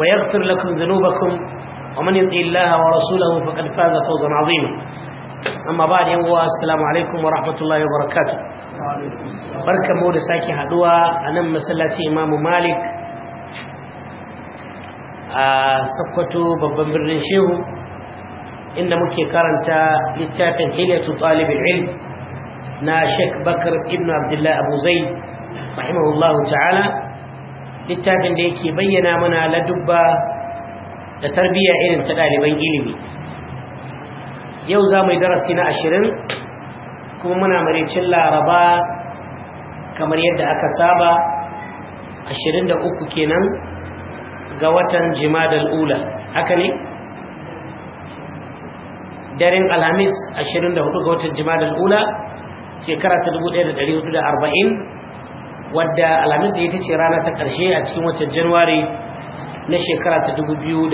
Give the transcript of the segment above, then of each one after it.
ويغفر لكم ذنوبكم ومن يطع الله ورسوله فقد فاز فوزا عظيما أما بعد يوم السلام عليكم ورحمة الله وبركاته بركة مولى ساكي حدوى أنا مسلتي إمام مالك سقطوا ببن برن شيهو إن مكي كارنتا لتافن حلية طالب العلم نا شيخ بكر ابن عبد الله أبو زيد رحمه الله تعالى littafin da yake bayyana mana ladubba da tarbiyya irin ta ɗaliban ilimi yau za mu yi darasi na ashirin kuma muna maricin laraba kamar yadda aka saba ashirin da uku kenan ga watan jimadar ula haka ne daren alhamis ashirin da hudu ga watan jimadar ula shekara ta dubu ɗaya da ɗari hudu da arba'in wadda alhamis da ita ce rana ta ƙarshe a cikin watan januwari na shekara ta 2019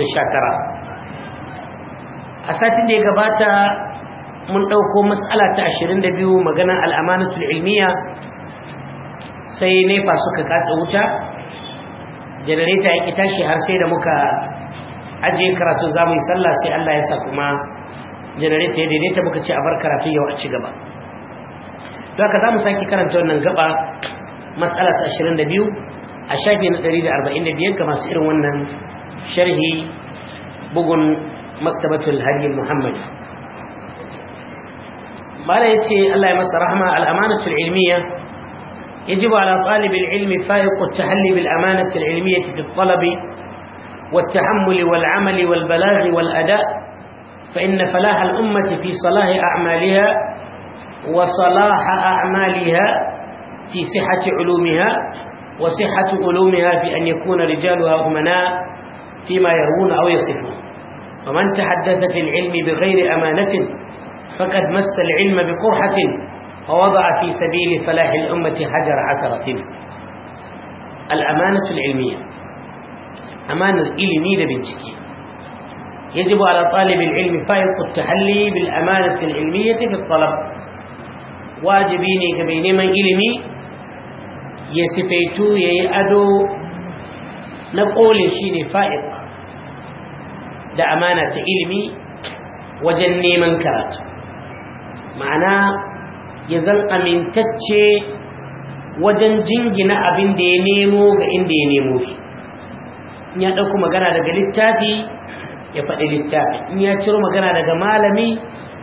a satin da ya gabata mun ɗauko matsala ta ashirin da 22 maganar al'amanatul ilmiya sai nefa suka katsa wuta janareta ya ƙi tashi har sai da muka ajiye karatu za mu yi sallah sai allah ya sa kuma janareta ya daidaita muka ce a bar karatu yau a ci gaba don haka za mu sake karanta wannan gaba مسألة أشرين دبيو أشافي نتريد أربعين دبيو كما سئر ونن شرهي بغن مكتبة الهدي محمد قال يتي الله يمس رحمة الأمانة العلمية يجب على طالب العلم فائق التحلي بالأمانة العلمية في الطلب والتحمل والعمل والبلاغ والأداء فإن فلاح الأمة في صلاح أعمالها وصلاح أعمالها في صحة علومها وصحة علومها في أن يكون رجالها أمناء فيما يروون أو يصفون ومن تحدث في العلم بغير أمانة فقد مس العلم بقرحة ووضع في سبيل فلاح الأمة حجر عثرة الأمانة العلمية أمانة العلمية لبنتكي يجب على طالب العلم فائق التحلي بالأمانة العلمية في الطلب واجبيني كبينما علمي ya sifaitu ya yi ado na ƙolin shi ne fa'iq da amana ta ilimi wajen neman karatu ma'ana ya zan amintacce wajen jingina abin da ya nemo ga inda ya nemo shi in ya ɗauku magana daga littafi ya faɗi littafi in ya ciro magana daga malami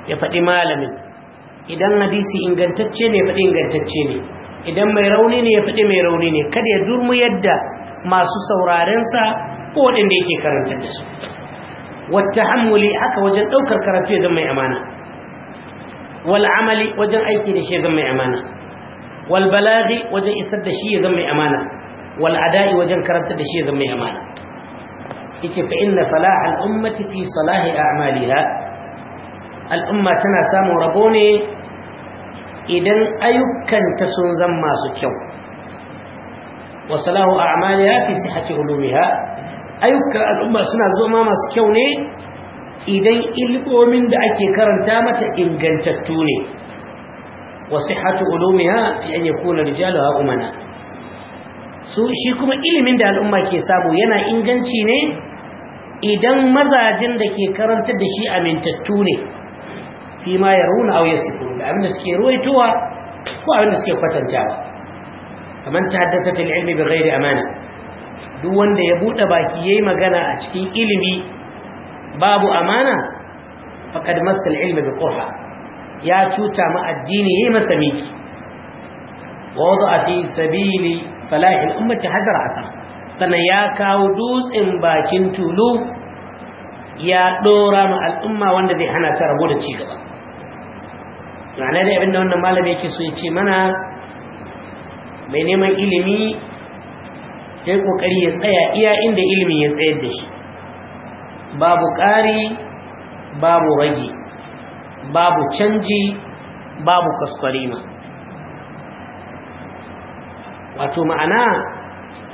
ya faɗi malamin idan hadisi ingantacce ne faɗi ingantacce ne idan mai rauni ne ya fiɗi mai rauni ne kada ya durmu yadda masu saurarensa ko waɗanda yake karanta da su wata hamuli haka wajen ɗaukar karatu ya zama mai amana wal amali wajen aiki da shi ya zama mai amana wal balaghi wajen isar da shi ya zama mai amana wal ada'i wajen karanta da shi ya zama mai amana yace fa inna falah al ummati fi salahi a'maliha al umma tana samun rabo ne idan ayyukanta sun zan masu kyau wasalahu a'maliha fi sihhati ulumiha ayyukan al'umma suna zama masu kyau ne idan ilmomin da ake karanta mata ingantattu ne wa sihhatu ulumiha fi an yakuna rijaluha umana su shi kuma ilimin da al'umma ke samu yana inganci ne idan mazajin da ke karanta da shi amintattu ne fi ma yaruna aw yasifun da abinda suke ruwaitowa ko da suke kwatantawa kamar ta haddasa fil ilmi bi da amana duk wanda ya buɗe baki yayi magana a cikin ilimi babu amana faqad massa al ilmi bi qurha ya cuta ma addini yayi masa miki wa wada fi sabili falah al ummati hajar sannan ya kawo dutsen bakin tulu ya ɗora ma al'umma wanda zai hana ta rabu da cigaba ma'ana da abinda wannan malami yake so yace mana mai neman ilimi sai kokari ya tsaya iya inda ilimi ya tsayar da shi babu ƙari babu rage babu canji babu kaskwarima wato ma'ana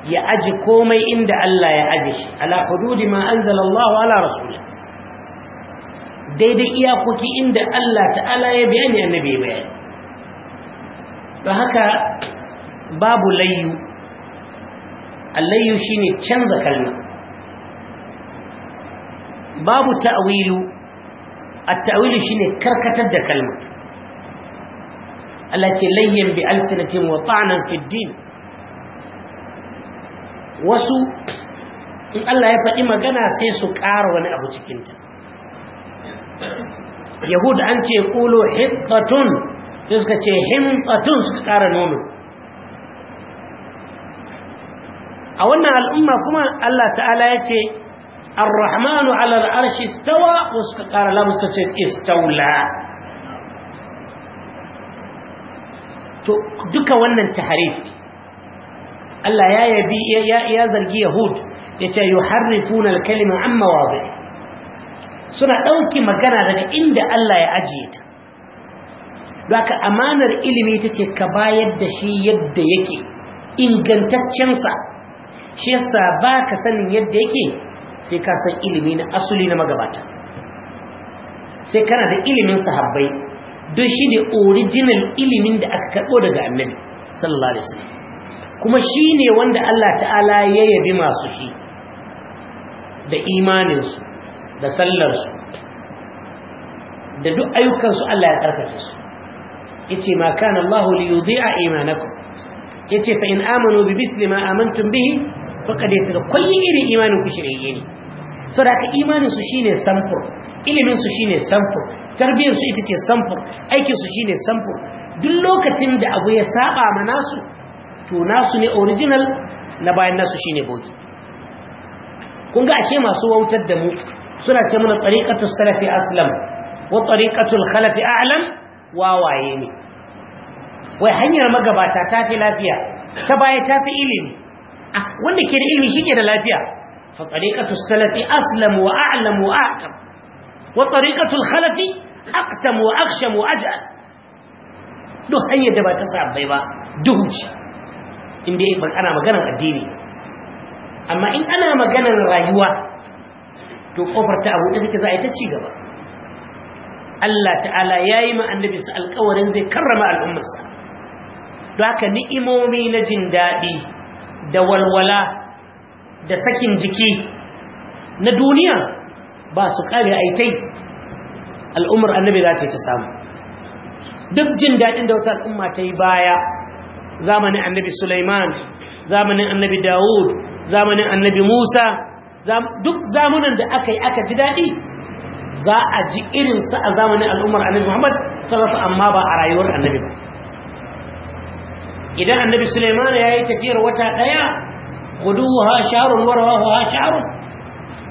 ya aji komai inda Allah ya aji shi ala hududi ma anzalallahu ala rasulih daidai iyakoki inda Allah ta'ala ya bayani annabi ya bayani don haka babu layyu allayu shine canza kalma babu ta'wilu at-ta'wilu shine karkatar da kalma Allah ce layyan bi alsinatin wa ta'nan fi din wasu in Allah ya faɗi magana sai su ƙara wani abu cikinta yahud an ce kulu hittatun sai suka ce himtatun suka ƙara nono a wannan al'umma kuma Allah ta'ala ya ce ar-rahmanu ala al-arshi stawa, wasu suka ƙara labu suka ce istaula to duka wannan taharif Allah ya yabi ya zargi yahud yace yuharrifuna al-kalima an mawadi suna ɗauki magana daga inda Allah ya ajiye ta zaka amanar ilimi ta ce ka bayar da shi yadda yake ingantaccensa shi yasa ba ka sanin yadda yake sai ka san ilimi na asuli na magabata sai kana da ilimin sahabbai don shi ne original ilimin da aka karɓo daga annabi sallallahu alaihi wasallam kuma shi ne wanda Allah ta'ala ya yabi masu shi da imaninsu da sallarsu da duk ayyukansu Allah ya tsarkake su yace ma kana Allah li yudhi'a imanakum yace fa in amanu bi misli ma amantum bihi faqad da kulli irin imanin ku shirye ne saboda imanin su shine samfur ilimin su shine samfur tarbiyar su ita ce samfur aikin su shine samfur duk lokacin da abu ya saba ma nasu to nasu ne original na bayan nasu shine bogi kun ga ashe masu wautar da mu suna ce mana tariqatu salafi aslam wa tariqatu khalafi a'lam wawaye ne wai hanyar magabata ta fi lafiya ta baya ta fi ilimi wanda ke da ilimi shi ke da lafiya fa tariqatu salafi aslam wa a'lam wa aqam wa tariqatu khalafi aqtam wa akhsham wa aj'al duk hanyar da ba ta sabai ba duhu ce inda ana maganar addini amma in ana maganar rayuwa to kofar ta abu da take za a yi ta ci gaba Allah ta'ala yayi ma annabi sa alƙawarin zai karrama al'ummarsa don haka ni'imomi na jin daɗi da walwala da sakin jiki na duniya ba su kare aitai al'ummar annabi za ta yi ta samu duk jin daɗin da wata al'umma ta yi baya zamanin annabi Sulaiman zamanin annabi Dawud zamanin annabi Musa duk zamunan da aka yi aka ji daɗi za a ji irinsa a zamanin al'ummar annabi muhammad sallallahu amma ba a rayuwar annabi ba idan annabi suleiman ya yi tafiyar wata ɗaya guduwa sharun warwa sharun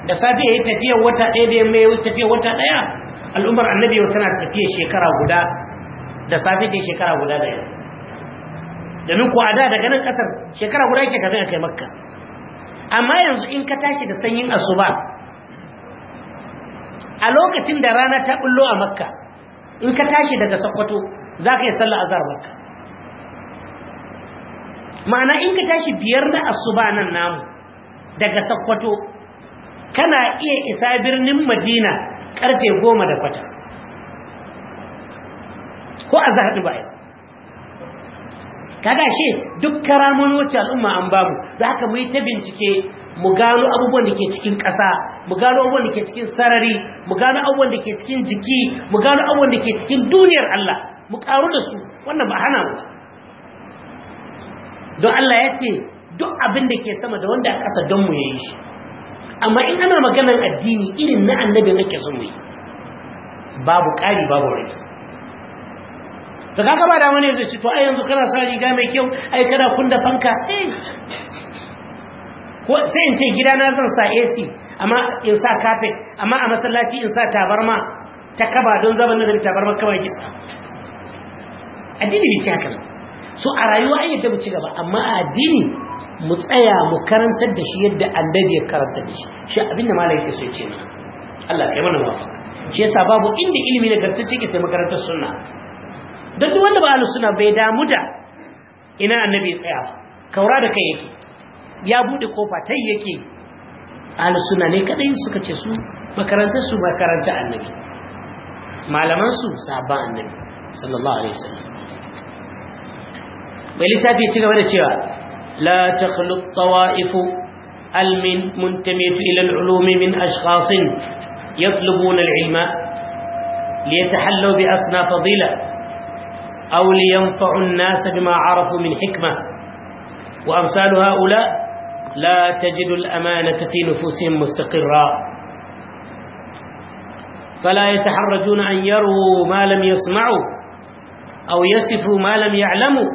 da safi ya yi tafiyar wata ɗaya da yamma ya yi tafiyar wata ɗaya al'ummar annabi ya tana tafiyar shekara guda da safi ke shekara guda da yau domin ku a da daga nan ƙasar shekara guda ke kafin a kai makka amma yanzu in ka tashi da sanyin asuba a lokacin da rana ta bullo a makka in ka tashi daga sakwato za ka yi sallah a makka ma'ana in ka tashi biyar na asuba nan namu daga sakwato kana iya isa birnin madina karfe goma da kwata ko a ba yau kaga shi duk karamun wacce al'umma an babu za ka mu yi ta bincike mu gano abubuwan da ke cikin ƙasa mu gano abubuwan da ke cikin sarari mu gano abubuwan da ke cikin jiki mu gano abubuwan da ke cikin duniyar Allah mu ƙaru da su wannan ba hana mu don Allah ya ce duk abin da ke sama da wanda a ƙasa don mu yayi shi amma in ana maganar addini irin na annabi nake so mu yi babu ƙari babu rage da kaga ba da wani zai ci to ai yanzu kana sa riga mai kyau ai kana kunda fanka eh. ko sai in ce gida na zan sa AC amma in sa carpet amma a masallaci in sa tabarma ta kaba don zaman da tabarma kaba gisa addini bai ci haka so a rayuwa ai yadda mu ci gaba amma a addini mu tsaya mu karantar da shi yadda annabi ya karanta. da shi shi abinda malaka yake so ya ce mana Allah yi mana mafaka shi yasa babu inda ilimi na gartacce ke sai makarantar sunna don duk wanda ba ahlus suna bai damu da ina annabi tsaya kaura da kai yake ya bude kofa tai yake ahlus suna ne kadai suka ce su makarantar su makaranta annabi malaman su sahabban annabi sallallahu alaihi wasallam bai littafi ci gaba da cewa la almin tawa'ifu المنتمية إلى العلوم من أشخاص يطلبون العلم ليتحلوا بأسنى Fadila. أو لينفعوا الناس بما عرفوا من حكمة وأمثال هؤلاء لا تجد الأمانة في نفوسهم مستقرة فلا يتحرجون أن يروا ما لم يسمعوا أو يصفوا ما لم يعلموا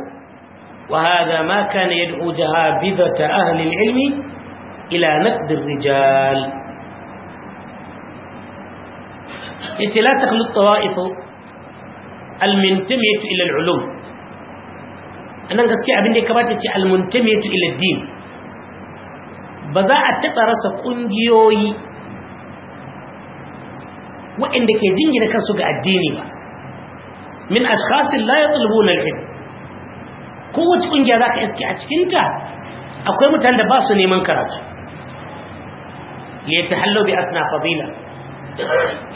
وهذا ما كان يدعو جهابذة أهل العلم إلى نقد الرجال إذ لا تخلو الطوائف almuntamiyatu ila alulum anan gaskiya abin da ya kamata ce almuntamiyatu ila din ba za a taɓa rasa ƙungiyoyi waɗanda ke jingina kansu ga addini ba min ashkhasin la yatlubuna al-ilm kowace kungiya zaka iske a cikinta? akwai mutanen da ba su neman karatu li yatahallu bi asna fadila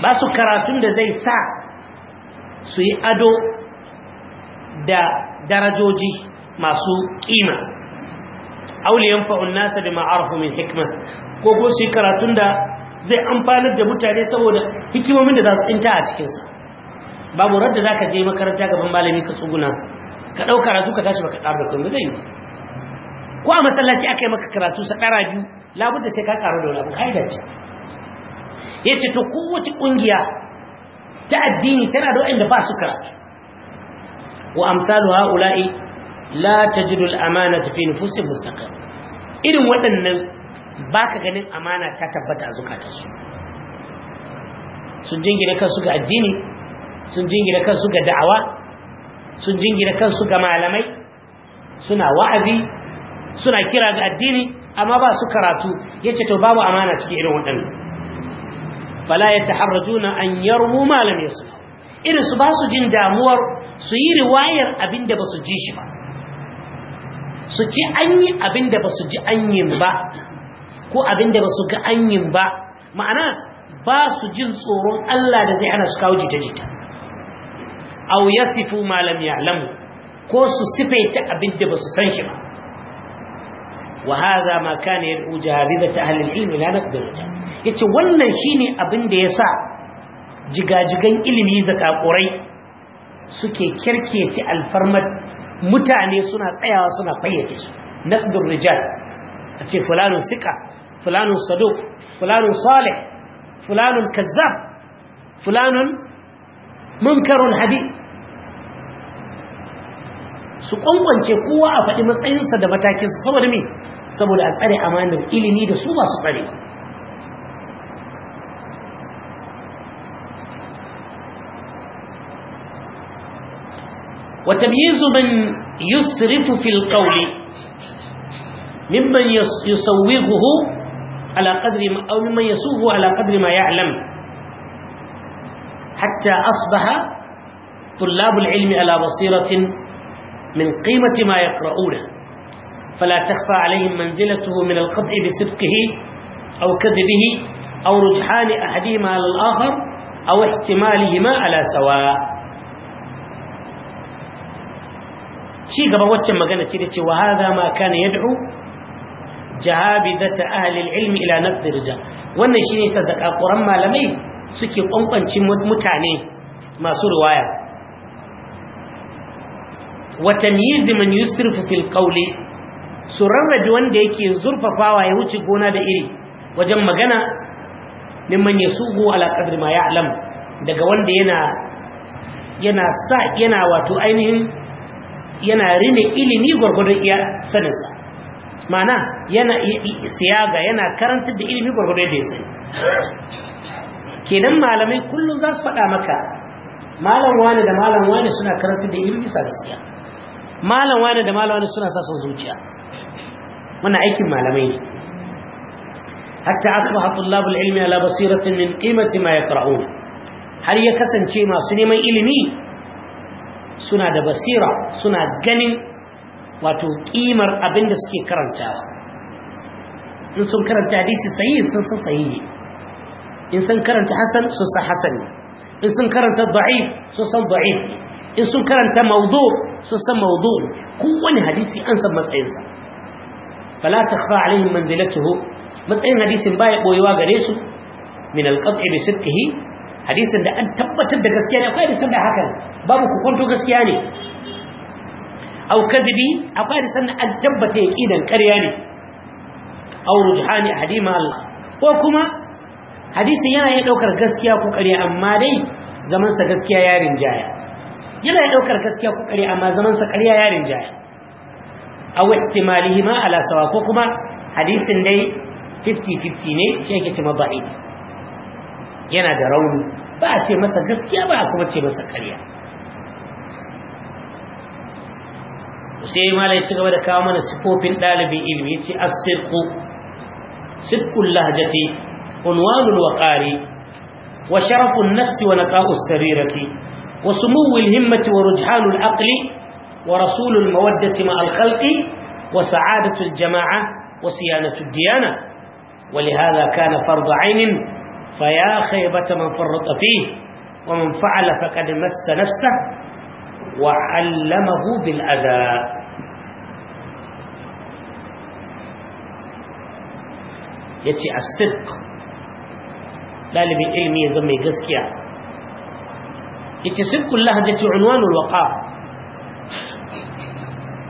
ba su karatun da zai sa su yi ado da darajoji masu kima auliyan fa'un nasa da ma'arhu min hikima, ko ko su yi karatun da zai amfanar da mutane saboda hikimomin da za su inta a cikinsa babu radda za ka je makaranta gaban malami ka tsuguna ka ɗau karatu ka tashi baka ƙaru da kuma zai yi ko a masallaci aka yi maka karatu sa ɗara biyu labar da sai ka ƙaru da wani abu ka da ce ya ce ta kowace ƙungiya ta addini tana da waɗanda ba su karatu wa amsalu haula'i la tajidu al-amanata fi nufusihim mustaqim irin waɗannan baka ganin amana ta tabbata a su, sun jingina kansu ga addini sun jingina kansu ga da'awa sun jingina kansu ga malamai suna wa'azi suna kira ga addini amma ba su karatu yace to babu amana cikin irin waɗannan fala yataharrajuna an yarmu ma lam yasma irin su ba su jin damuwar su yi riwayar abinda ba su ji shi ba su ci an yi abinda ba su ji an yin ba ko abinda ba su ga an yin ba ma'ana ba su jin tsoron Allah da zai hana su kawo jita-jita au yasifu ma lam ya'lamu ko su sifaita abinda ba su san shi ba وهذا ما كان يدعو جهابذة أهل العلم لا نقدر عليه Ya ce wannan shi ne abin da sa jigajigan ilimi zakakurai suke kirkeci alfarmar mutane suna tsayawa suna fayyace na naqdur rijal ce fulanin sika fulanin saduq fulanin salih fulanin kazzab fulanin munkarun hadi su ƙwanƙwance kowa a faɗi matsayinsa da matakinsa saboda mai saboda a tsare amanar ilimi da su masu tsare وتمييز من يسرف في القول ممن يسوغه على قدر ما أو ممن يسوغه على قدر ما يعلم حتى أصبح طلاب العلم على بصيرة من قيمة ما يقرؤونه فلا تخفى عليهم منزلته من القطع بصدقه أو كذبه أو رجحان أحدهما على الآخر أو احتمالهما على سواء ci gaba waccan magana ce da cewa haza ma kana yad'u jahabidata ahli al-ilm ila naqd rijal wannan shine sadaka quran malamai suke kwankwancin mutane masu riwaya wa tamyiz man yusrifu fil qawli rabi wanda yake zurfafawa ya wuce gona da iri wajen magana liman yasugu ala qadri ma ya'lam daga wanda yana yana sa yana wato ainihin yana rine ilimi gwargwadon iya saninsa mana yana siyaga yana karanta da ilimi gwargwadon da ya sani kenan malamai kullum za su faɗa maka malam wani da malam wani suna karanta da ilimi sa gaskiya malam wani da malam wani suna sa son zuciya wannan aikin malamai ne hatta asbaha tullabul ilmi ala basiratin min qimati ma yaqra'un har ya kasance masu neman ilimi suna da basira suna ganin wato kimar abinda suke karantawa in sun karanta hadisi sahihi sun san sahihi in sun karanta hasan sun san hasan in sun karanta da'if sun san da'if in sun karanta mawdu sun san mawdu kowane hadisi an san matsayinsa fala takhfa alaihim manzilatuhu matsayin hadisin baya boyewa gare su min alqat'i bi sidqihi hadisin da an tabbatar da gaskiya ne akwai hadisin da haka babu kwanto gaskiya ne aw kadibi akwai hadisin da an tabbata yaqinan ƙarya ne aw rujhani hadima Allah ko kuma hadisin yana yin daukar gaskiya ko ƙarya amma dai zaman sa gaskiya ya rinjaya yana yin daukar gaskiya ko ƙarya amma zaman sa ƙarya ya rinjaya aw ihtimalihima ala sawa ko kuma hadisin dai 50-50 ne shi yake ce maba'i yana da rauni ba a ce masa gaskiya ba a kuma ce masa karya sai ma lai ci gaba da kawo mana sifofin ɗalibin ilimi ce ce asirku sirkun lahajati unwanul waƙari wa sharafun nafsi wa naqa'us sarirati wa sumuwul himmati wa rujhanul aqli wa rasulul mawaddati ma'al khalqi wa sa'adatul jama'a wa siyanatud diyana ولهذا كان فرض عين فيا خيبة من فرط فيه ومن فعل فقد مس نفسه وعلمه بالأذى يتي الصدق لالب علمي زمي قسكيا يتي صدق يتي عنوان الوقاء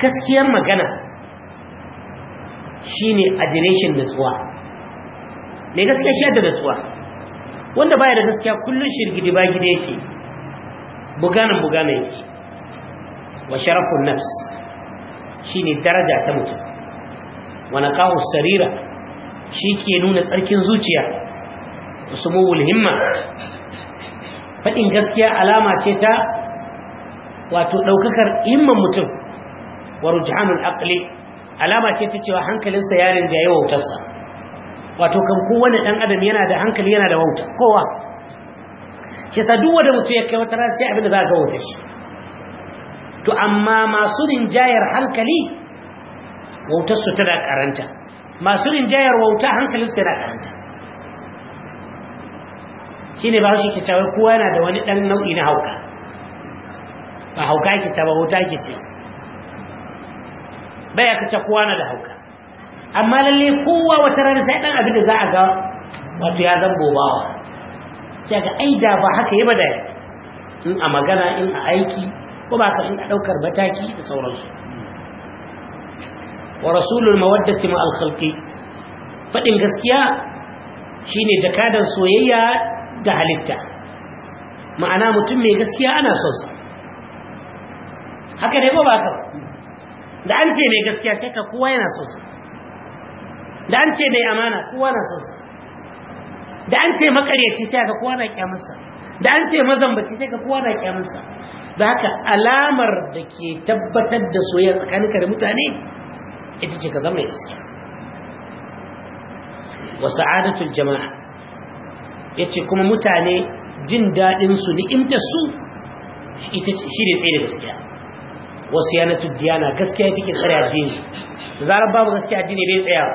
قسكيا مقنا شيني أدريشن نسواه mai gaskiya شيء da natsuwa wanda baya da gaskiya kullun shirgidi ba gida yake buganan bugana yake wa sharafun nafs shine daraja ta mutum wa naqahu sarira ke nuna tsarkin zuciya usumul himma fadin gaskiya alama ce ta wato daukakar himman mutum wa rujhanul aqli alama ce ta cewa hankalinsa ya rinjaye wautarsa wato kan kowane ɗan adam yana da hankali yana da wauta kowa shi sa duk wanda mutum ya kai wata ran sai abin da za ka wauta shi to amma masu rinjayar hankali wautar su tana karanta masu rinjayar wauta hankalin su yana karanta shine ba shi ke cewa kowa yana da wani ɗan nau'i na hauka ba hauka ke ta ba wauta ke ce baya ka ce kowa na da hauka amma lalle kowa wata rana sai dan abin da za a ga wato ya zan gobawa sai ga ai da ba haka yaba ba da in a magana in a aiki ko ba ka in a daukar mataki da sauransu wa rasulul mawaddati ma al-khalqi fadin gaskiya shine jakadan soyayya da halitta ma'ana mutum mai gaskiya ana son sa haka ne ko ba ka da an ce mai gaskiya sai ka kowa yana son sa da an ce mai amana kowa na son sa da an ce makaryaci sai ka kowa na kyamarsa da an ce mazambaci sai ka kowa na kyamarsa da haka alamar da ke tabbatar da soyayya tsakaninka da mutane ita ce ka zama gaskiya wa sa'adatul jama'a yace kuma mutane jin dadin su ni'imtar su ita shi ne tsaye da gaskiya wasu yana tujjiyana gaskiya take tsare addini zarar babu gaskiya addini bai tsaya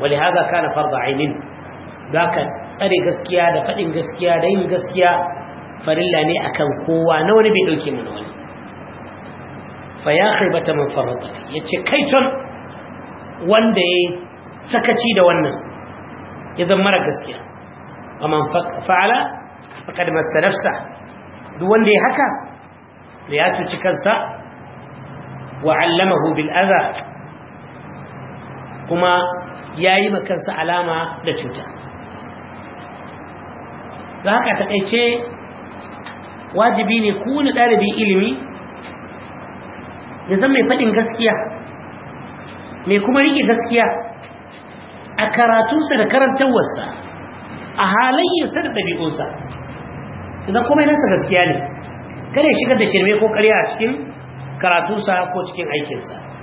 wani haza kana farda ainin za ka tsare gaskiya da faɗin gaskiya da yin gaskiya farilla ne akan kowa na wani bai ɗauke mana wani fa ya haibata man farata ya ce kaiton wanda ya sakaci da wannan ya zama mara gaskiya amma fa'ala faƙad masa nafsa duk wanda ya haka da ya cuci kansa wa'allamahu bil'aza kuma ya yi kansa alama da cuta za a taƙaice wajibi ne kuna ɗalibin ilimi ya zan mai faɗin gaskiya mai kuma riƙe gaskiya a karatunsa da karantarwarsa a halayyarsa da ɗabi'unsa idan kuma nasa gaskiya ne kada ya shigar da shirme ko karya a cikin karatunsa ko cikin aikinsa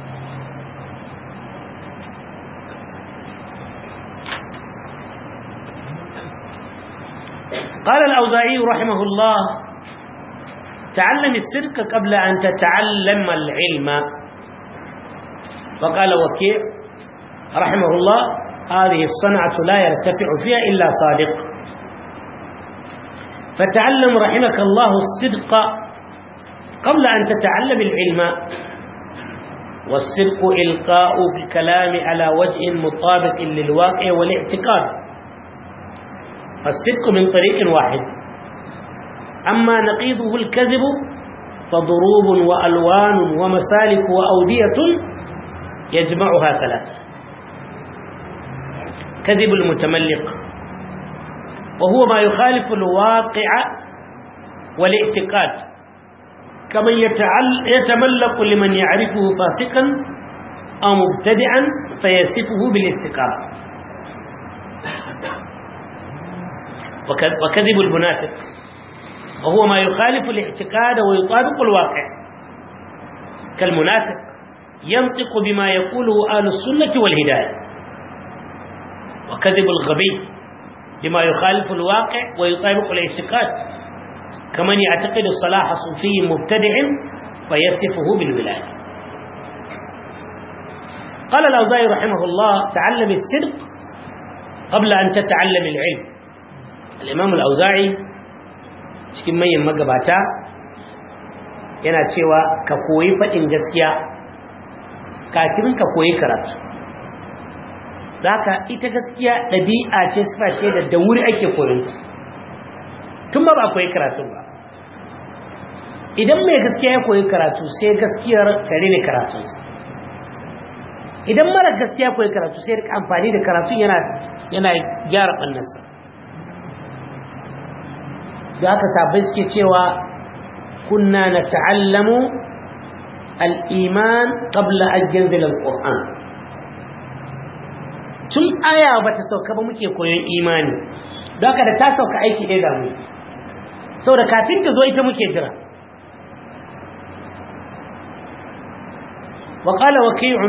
قال الأوزاعي رحمه الله تعلم الصدق قبل أن تتعلم العلم فقال وكيع رحمه الله هذه الصنعة لا يرتفع فيها إلا صادق فتعلم رحمك الله الصدق قبل أن تتعلم العلم والصدق إلقاء بالكلام على وجه مطابق للواقع والاعتقاد الصدق من طريق واحد أما نقيضه الكذب فضروب وألوان ومسالك وأودية يجمعها ثلاثة كذب المتملق وهو ما يخالف الواقع والاعتقاد كمن يتملق لمن يعرفه فاسقا أو مبتدعا فيسفه بالاستقامة وكذب المنافق وهو ما يخالف الاعتقاد ويطابق الواقع كالمنافق ينطق بما يقوله اهل السنه والهدايه وكذب الغبي بما يخالف الواقع ويطابق الاعتقاد كمن يعتقد صلاح صوفي مبتدع فيصفه بالولايه قال الاوزاعي رحمه الله تعلم الصدق قبل ان تتعلم العلم al-imam cikin manyan magabata yana cewa ka koyi faɗin gaskiya kafin ka koyi karatu zaka ita gaskiya ɗabi'a ce sifa ce da da wuri ake ta. tun ba ba koyi karatu ba idan mai gaskiya ya koyi karatu sai gaskiyar tare ne karatunsa idan mara gaskiya koyi karatu sai amfani da karatun yana yana gyara ɓannansa da aka sabai suke cewa kunna na ta'allamu al'iman ƙabla ajiyar zilar ƙoran tun aya ba ta sauka ba muke koyon imani da da ta sauka aiki ɗaya damu sau da kafin ta zo ita muke jira وقال وكيع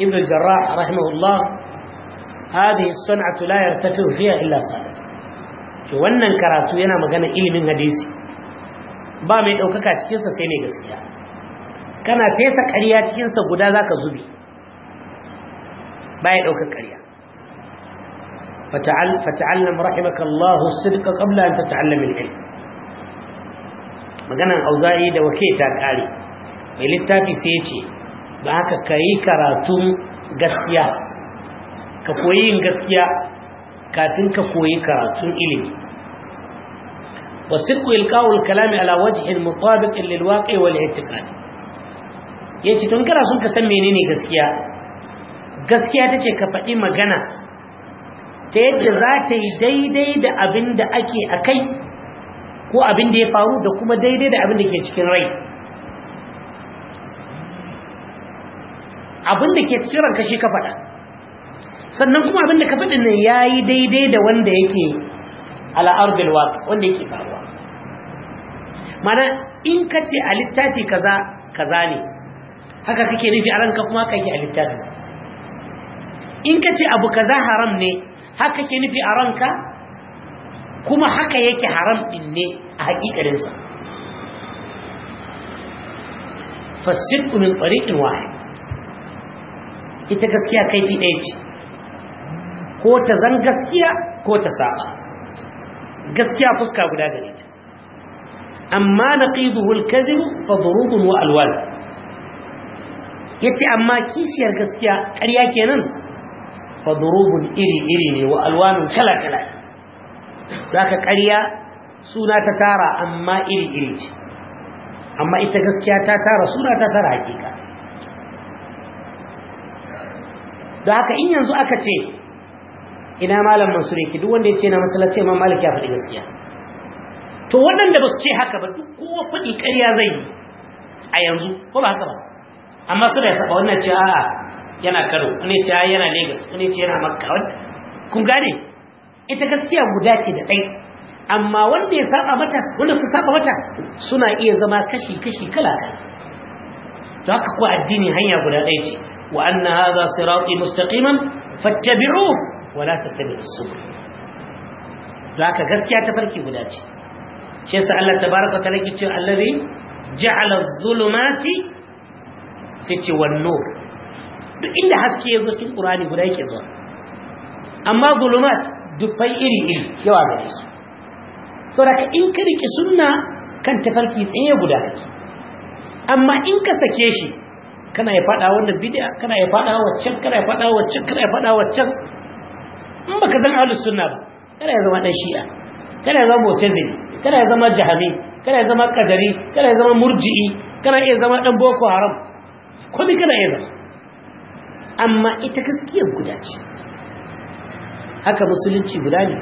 ابن الجراح رحمه الله هذه الصنعة لا يرتفع فيها إلا صالح to wannan karatu yana magana ilimin hadisi ba mai ɗaukaka cikinsa sai mai gaskiya kana fesa ƙarya cikinsa guda za ka zubi ba ya ɗaukar ƙarya fata'allam rahimakallahu sidka qabla an tata'allam al-ilm maganan auza'i da wake ta kare mai littafi sai ce ba haka kai karatu gaskiya ka koyi gaskiya kafin ka koyi karatun ilimi والصدق إلقاء الكلام على وجه مطابق للواقع والاعتقاد yace tun kana sun ka san menene gaskiya gaskiya tace ka faɗi magana ta yadda za ta yi daidai da abin da ake kai ko abin da ya faru da kuma daidai da abin da ke cikin rai abin da ke cikin ranka shi ka faɗa sannan kuma abin da ka faɗi ne ya yi daidai da wanda yake ala ardil waqi wanda yake faru mana in ka ce a littafi kaza kaza ne haka kake nufi a ranka kuma kake a littafi in ka ce abu kaza haram ne haka kake nufi a ranka kuma haka yake haram din ne a hakikarinsa fasidku min in wahid ita gaskiya kai fi ɗaya ce ko ta zan gaskiya ko ta saba gaskiya fuska guda gare ta amma naqiduhu al-kadhib fa dhurubun wa alwal yace amma kishiyar gaskiya ƙarya kenan fa iri iri ne wa alwanun kala kala zaka ƙarya suna ta tara amma iri iri ce amma ita gaskiya ta tara suna ta tara hakika da haka in yanzu aka ce ina malam mansur yake duk wanda ya ce na masallaci imam malik ya faɗi gaskiya to waɗanda ba su ce haka ba duk kowa kuɗi ƙarya zai yi a yanzu ko ba haka ba amma suna ya saba wannan ce a'a yana kano wani ce yana lagos wani ce yana makka kun gane ita gaskiya guda ce da ɗai amma wanda ya saba mata wanda su saba mata suna iya zama kashi kashi kala kala to haka ko addini hanya guda ɗaya ce wa anna hadha sirati mustaqiman fattabi'uhu wa la tattabi'us subul da gaskiya ta farki guda ce shi yasa Allah tabaraka ta rike cewa allazi ja'ala zulumati sai ce wan nur duk inda haske yazo cikin qur'ani guda yake zuwa amma zulumat dufai iri iri yawa gare su saboda in ka rike sunna kan tafarki tsaye guda amma in ka sake shi kana ya fada wannan bid'a kana ya fada waccan kana ya fada waccan kana ya fada waccan in baka zan ahlus sunna ba kana ya zama dan shi'a kana ya zama mu'tazili kana ya zama jahami kana ya zama kadari kana ya zama murji'i kana iya zama dan boko haram komai kana iya zama amma ita gaskiyar guda ce haka musulunci guda ne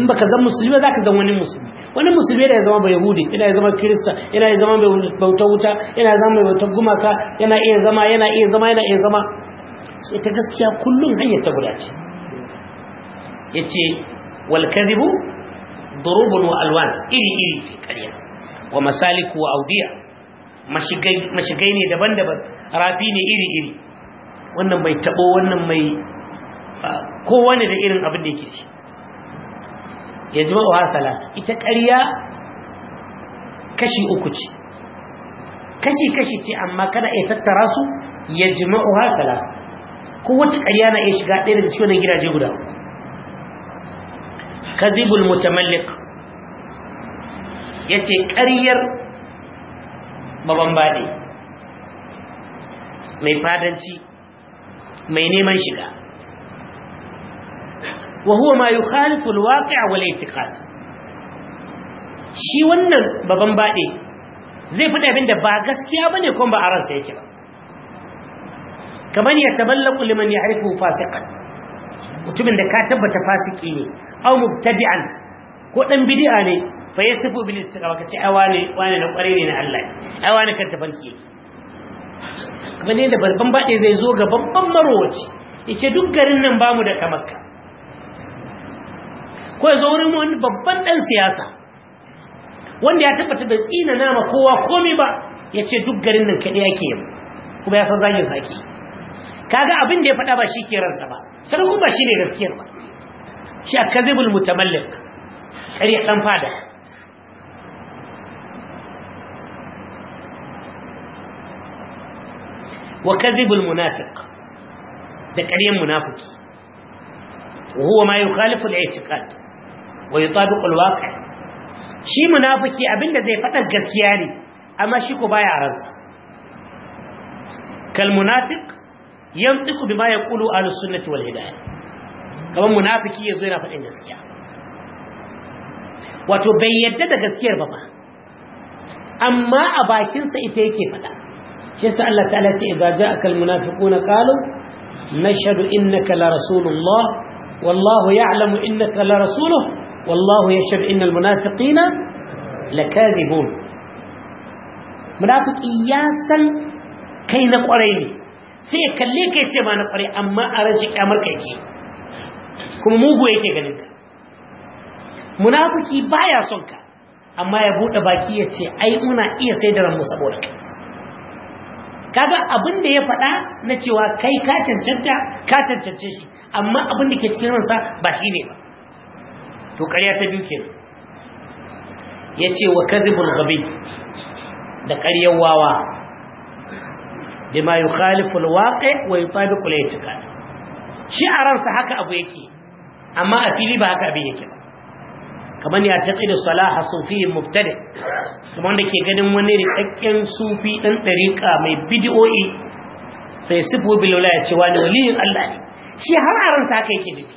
in baka zama musulmi za ka zama wani musulmi wani musulmi da ya zama bai yahudi yana ya zama kirista yana ya zama bauta wuta yana ya zama bauta gumaka yana iya zama yana iya zama yana iya zama sai ta gaskiya kullum hanyar ta guda ce ya ce walkazibu ضروب wa alwan iri iri fi ومسالك wa masaliku wa audiya mashigai ne daban-daban rafi ne iri iri wannan mai tabo wannan mai kowane da irin abin da yake shi ya ji ma'uwa salasa ita ƙarya kashi uku ce kashi-kashi ce amma kana iya tattara su ya ji ma'uwa salasa kowace ƙarya na iya shiga ɗaya daga cikin gidaje guda uku kazibul mutamallik yace ƙaryar babambade mai fadanci mai neman shiga wa huwa ma yukhalifu a wal i'tiqad shi wannan babambade zai fi abin da ba gaskiya ba ne kuma ba a ransa yake ba kaman ya taballaku liman ya'rifu fasiqan mutumin da ka tabbata fasiki ne aw mubtadi'an ko dan bid'a ne fa yasifu bil istiqama kace ai wane wane na kware ne na Allah ai wane kan tafarki yake kuma ne da barban bade zai zo ga babban marowaci yace duk garin nan bamu da kamakka ko ya zo wurin wani babban dan siyasa wanda ya tabbata bai tsina nama kowa komai ba yace duk garin nan kadai yake yi kuma ya san zagin saki kaga abin da ya faɗa ba shi ke ransa ba sai kuma shi ne gaskiyar ba شيء كذب المتملك كريه كان فادح وكذب المنافق ده كريه منافق وهو ما يخالف الاعتقاد ويطابق الواقع شيء منافق ابنده زي فتر غسكيا اما شيء كو بايا كالمنافق ينطق بما يقول اهل السنه والهدايه kamar munafiki yazo yana faɗin gaskiya wato bai yadda da gaskiyar ba ba amma a bakinsa ita yake faɗa shi yasa Allah ta'ala ce idza ja'aka almunafiquna qalu nashhadu innaka la rasulullah wallahu ya'lamu innaka la rasuluhu wallahu yashhadu innal munafiqina lakadhibun munafiki ya san kai na kwarai ne sai kalle kai ce ma na kwarai amma a ran shi kyamar kai ke kuma mugu yake ganin ka munafiki baya son ka amma ya bude baki ya ce ai muna iya sai da ranmu saboda ka kaga abin da ya faɗa na cewa kai ka cancanta ka cancance shi amma abin da ke cikin ransa ba shi ne ba to ƙarya ta duke ya ce wa kadhibul gabi da ƙaryar wawa Da yi yukhalifu alwaqi wa yutabiqu al-i'tiqad shi a ransa haka abu yake amma a fili ba haka abin yake ba kamar ya taƙi da salaha sufiyin mubtadi kuma wanda ke ganin wani rikakken sufi ɗan ɗariƙa mai bidiyoyi sai sifo bilola ya ce wani waliyin Allah ne shi har a ransa haka yake nufi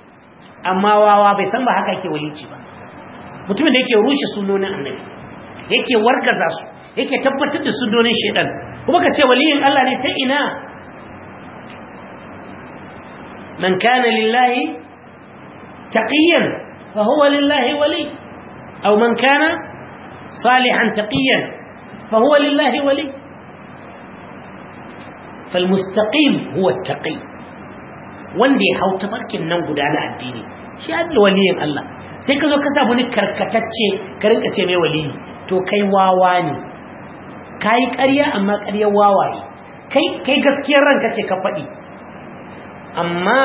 amma wawa bai san ba haka yake walici ba mutumin da yake rushe sunonin annabi yake wargaza su yake tabbatar da sunonin shaidan kuma ka ce waliyin Allah ne ta ina من كان لله تقيا فهو لله ولي أو من كان صالحا تقيا فهو لله ولي فالمستقيم هو التقي wanda ya hau tafarkin nan guda na addini shi adal waliyin Allah sai ka zo ka sa ni karkatacce ka rinka ce mai waliyi to kai wawa ne kai ƙarya amma ƙaryar wawaye kai kai gaskiyar ranka ce ka faɗi amma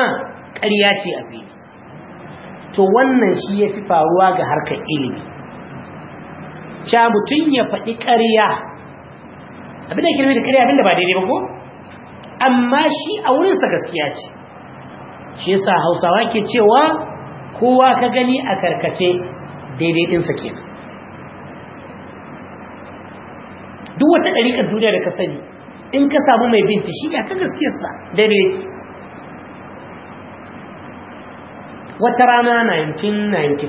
ƙarya ce a fili to wannan shi ya fi faruwa ga harkar ilimi ca mutum ya faɗi ƙarya abinda ya ke da ƙarya abinda ba daidai ba ko amma shi a wurinsa gaskiya ce shi yasa hausawa ke cewa kowa ka gani a karkace daidai ke kenan duk wata ɗariƙar duniya da ka sani in ka samu mai binta shi ya ka gaskiyarsa daidai wata rana 1995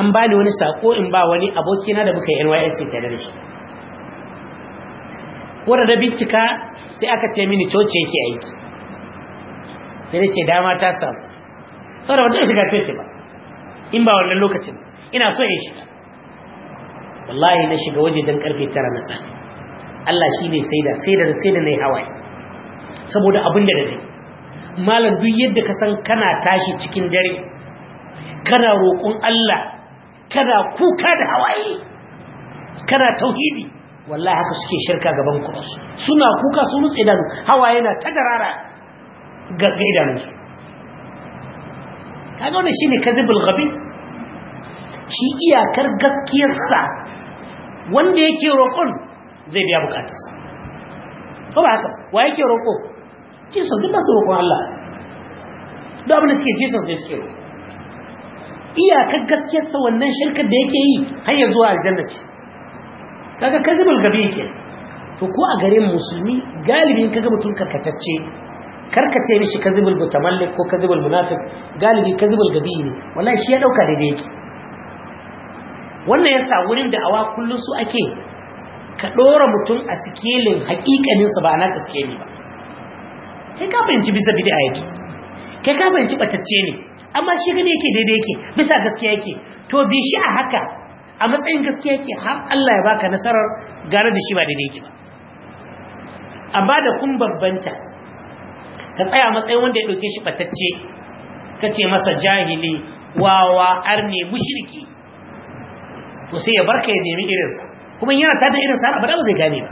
an ba ni wani sako in ba wani abokina da muka yi nysc tare da shi wadda da bincika sai aka ce mini coci yake aiki sai da ce dama ta samu sau da wadda ya shiga coci ba in ba wannan lokacin ina so ya shiga wallahi na shiga waje don karfe tara na sa Allah shi ne sai da sai da sai da na yi hawaye saboda abin da da dai malam duk yadda ka san kana tashi cikin dare kana roƙon Allah kana kuka da hawaye kana tauhidi wallahi haka suke shirka gaban ku suna kuka su nutse idanu hawaye na tagarara ga idanunsu kaga wannan shine kadibul ghabi shi iyakar gaskiyarsa wanda yake roƙon zai biya bukatarsa ko ba haka wa yake roƙo jesus duk masu roƙon allah duk abin da suke jesus ne suke roƙo iyakar gaskiyarsa wannan shirkar da yake yi har ya zuwa aljanna ce kaga kazibul gabi yake to ko a garin musulmi galibin kaga mutum karkatacce karkace mishi kazibul mutamallik ko kazibul munafiq galibi kazibul gabi ne wallahi shi ya dauka da yake wannan yasa wurin da awa kullun su ake ka dora mutum a sikelin hakikanin sa ba na gaske ba kai ka fahimci bisa bid'a yake kai ka fahimci batacce ne amma shi gani yake daidai yake bisa gaskiya yake to bi shi a haka a matsayin gaskiya yake har Allah ya baka nasarar gare da shi ba daidai yake ba amma da kun bambanta ka tsaya matsayin wanda ya dauke shi batacce ka ce masa jahili wawa arne mushriki to sai ya barka ya nemi irinsa kuma yana tada irinsa har abada ba zai gane ba